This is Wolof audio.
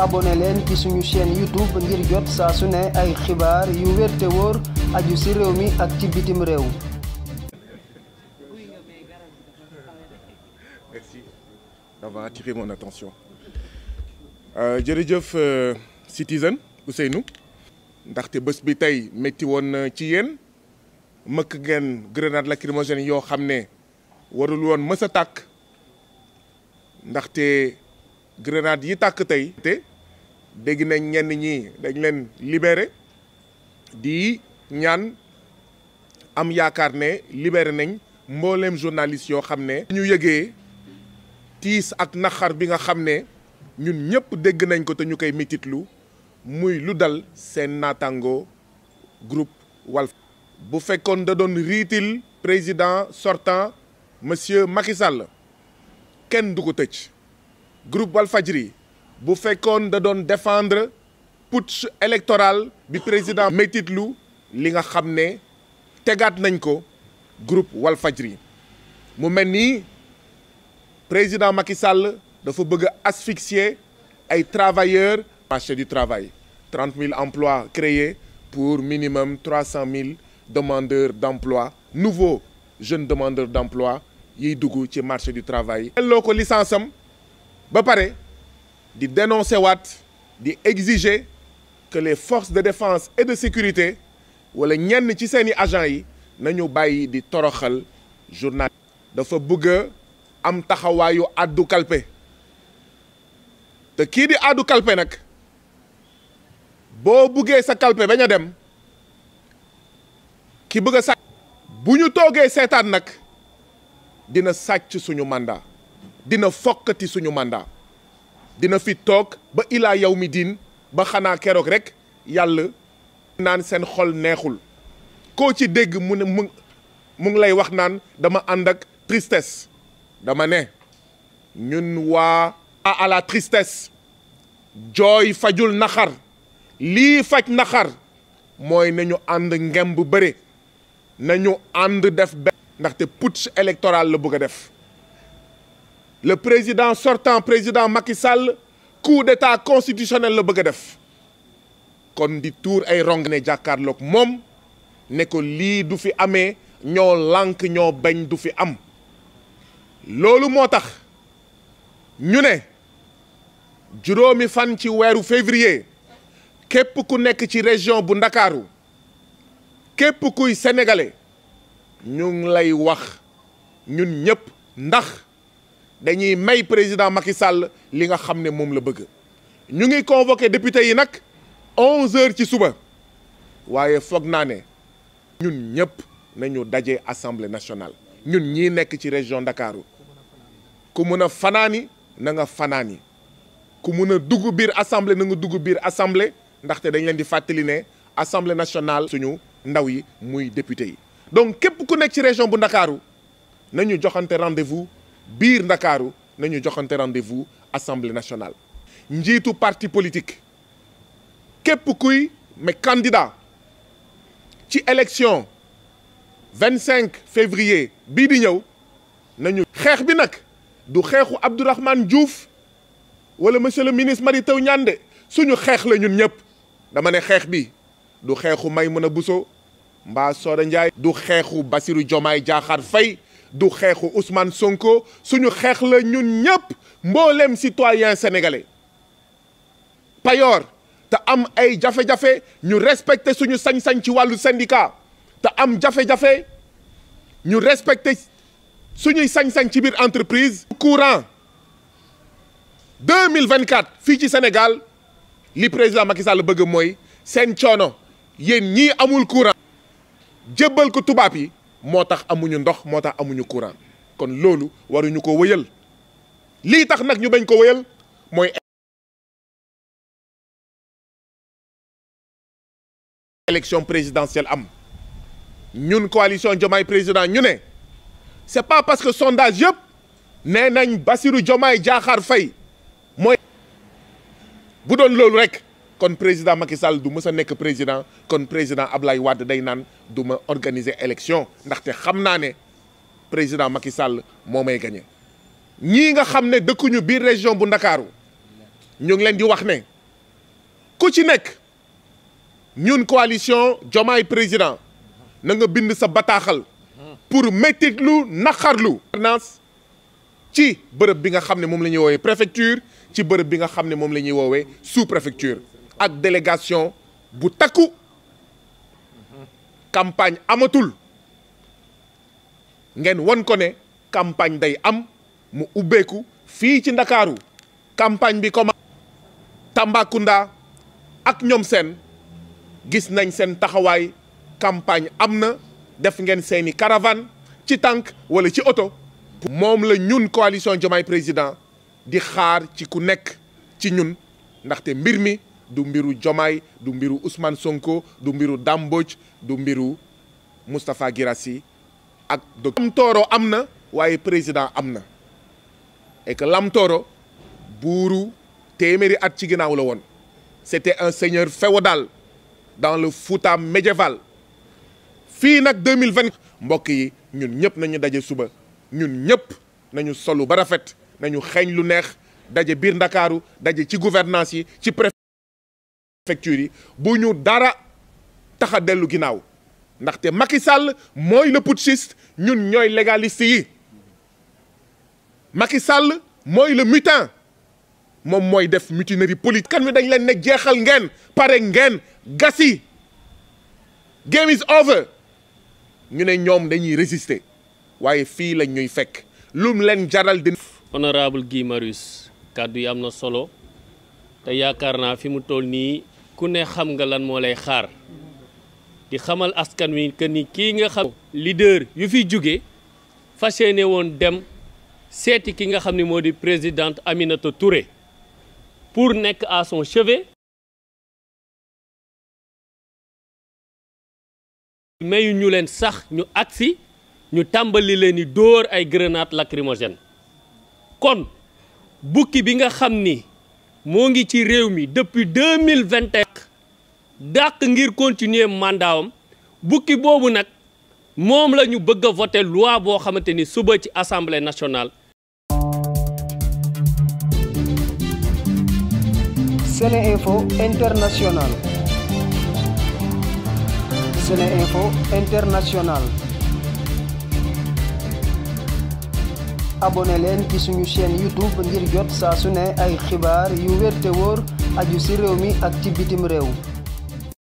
abonné leen ci suñu chaîne YouTube ngir jot saa su ne ay xibaar yu wér te aju ci réew mi ak ci bitim réew. Euh, jërëjëf euh, Citizen Ousseynou ndaxte bés bi tey métti woon ci yéen mëkk ngeen grenade lacrymogène yoo xam ne warul woon mës a tàkk ndaxte grenade yi tàkk tey te dégg nañ ñenn ñi dañ leen libéré di ñaan am yaakaar ne libéré nañ mbooleem journaliste yoo xam ne. ñu yëgee tiis ak naxar bi nga xam ne ñun ñëpp dégg nañ ko te ñu koy métitlu muy lu dal seen naataango groupe Walf. bu fekkoon da doon riitil président sortant monsieur Macky kenn du ko tëj groupe Walfadjri bu fekkoon da doon défendre putsch électoral bi président métitlu li nga xam ne tegaat nañ ko groupe Walfajri mu mel ni président Macky Sall dafa bëgg a asphyxier ay travailleurs marché du travail trente mille emplois créés pour minimum trois cent mille demandeurs d'emploi nouveau jeunes demandeurs d'emploi yiy dugg ci marché du travail. loo ko licence am ba pare. di dénoncer waat di exiger que les forces de défense et de sécurité wala ñenn ci seeni agents yi nañu bàyyi di toroxal journal dafa bëgg a am taxawaayu àddu kalpe te kii di àddu kalpe nag boo buggee sa kalpe bañ a dem ki bëgg a sàcc bu ñu toogee seetaan nag dina sàcc suñu mandat dina foqati suñu mandat dina fi toog ba ilaa yow mi diin ba xanaa keroog rek yàlla naan seen xol neexul koo ci dégg mu ne mu mu ngi lay wax naan dama ànd ak tristesse dama ne ñun waa à la jooy fajul naxar lii faj naxar mooy nañu ànd ngem bu bëre nañu ànd def benn ndaxte putsch électoral la bëgg a def le président sortant président Macky Sall coup d'état constitutionnel la bëgg a def kon di tuur ay rong ne jàkkaarloog moom ne ko lii du fi amee ñoo lànk ñoo bañ du fi am loolu moo tax ñu ne juróomi fan ci weeru février képp ku nekk ci région bu Ndakaaru képp kuy sénégalais ñu lay wax ñun ñëpp ndax dañuy may président Macky Sall li nga xam ne moom la bëgg ñu ngi convoqué député yi nag onze heures ci suba waaye foog naa ne ñun ñëpp nañu daje assemblée nationale ñun ñii nekk ci région Ndakaaru ku mun a fanaani nanga nga fanaani ku mun a dugg biir assemblée na nga dugg biir assemblée ndaxte dañ leen di fàttali ne assemblée nationale suñu ndaw yi muy député yi donc képp ku nekk ci région bu Ndakaaru nañu joxante rendez biir ndakaaru nañu joxante rendez-vous assemblée nationale njiitu parti politique képp kuy mais candidat ci élection vingt cinq février bii di ñëw nañu xeex bi nag du xeexu Abdourahmane Diouf wala monsieur le ministre Mary Teuw Niane de suñu xeex la ñun ñëpp dama ne xeex bi du xeexu may Maïmouna Bousso mbaa Soda Ndiaye du xeexu basiru jomaay Diakhar fay du xeexu Ousmane Sonko suñu xeex la ñun ñëpp mbooleem citoyen sénégalais payoor te am ay jafe-jafe ñu respecter suñu sañ-sañ ci wàllu syndicat te am jafe ñu respecter suñuy sañ-sañ ci biir entreprise. courant deux mille vingt quatre fii ci Sénégal li président Macky bëgg mooy seen coono yéen ñii amul courant jébbal ko tubaab yi. moo tax amuñu ndox moo tax amuñu courant kon loolu waruñu ko wëyal lii tax nag ñu bañ ko wëyal mooy e élection présidentielle am ñun coalition Diomaye président ñu ne c'est pas parce que sondage yëpp nee nañ Bassirou Diomaye Diakhar Faye mooy bu doon loolu rek kon président Macky Sall du mës a nekk président kon président Ablaye Wade day naan du ma organiser élection ndaxte xam naa ne président Macky Sall moo may gagné ñii nga xam ne dëkkuñu biir région bu Ndakaaru ñu ngi leen di wax ne ku ci nekk ñun coalition Jomaay président na nga bind sa bataaxal pour mettitlu naqarlu gouvernance ci bërëb bi nga xam ne moom la ñuy woowee préfecture ci bërëb bi nga xam ne moom la ñuy woowee sous préfecture ak délégation bu takku campagne amatul ngeen won ko ne campagne day am mu ubbeeku fii ci ndakaaru campagne bi comme Tambacounda ak ñoom seen gis nañ seen taxawaay campagne am na def ngeen seeni caravane ci tànk wala ci oto moom la ñun coalition Diomaye Président di xaar ci ku nekk ci ñun ndaxte mbir mi du mbiru Jomaay du mbiru Ousmane Sonko du mbiru Dame du mbiru Moustapha Guirassy ak docteur Lam am na waaye président am na et que Lam Tooro buuru téeméeri at ci ginnaaw la woon c'était un seigneur féodal dans le Fouta médiéval fii nag 2020 mbokk yi ñun ñëpp nañu daje suba ñun ñëpp nañu solu ba rafet nañu xeeñ lu neex daje biir ndakaaru daje ci gouvernance yi ci préfet préfecture yi bu ñu dara tax a dellu ginnaaw ndaxte Macky Sall mooy le putschiste ñun ñooy légaliste yi Macky Sall mooy le mutin moom mooy def mutinerie politique. kan wi dañ leen ne jeexal ngeen pare ngeen gasi game is over ñu ne ñoom dañuy résister waaye fii lañ ñuy fekk lum leen jaral di. honorable Guy Marius kàddu yi am na solo te yaakaar naa fi mu toll nii ku ne xam nga lan moo lay xaar di xamal askan wi que ni kii nga xam leader yu fi jóge fas yéene woon dem seeti ki nga xam ni moo di présidente Aminata Touré pour nekk à son chevet mayu ñu leen sax ñu agsi ñu tàmbali leen di dóor ay grenades lacrymogènes kon bukki bi nga xam ni moo ngi ci réew mi depuis deux mille vingt dàq ngir continuer mandaawam bukki boobu nag moom lañu ñu bëgg a voter loi boo xamante ni suba ci assemblée nationale. SeneInfo International. SeneInfo leen ci suñu chaîne YouTube ngir jot saa su ne ay xibaar yu wér te wóor aju ci réew mi ak ci bitim réew.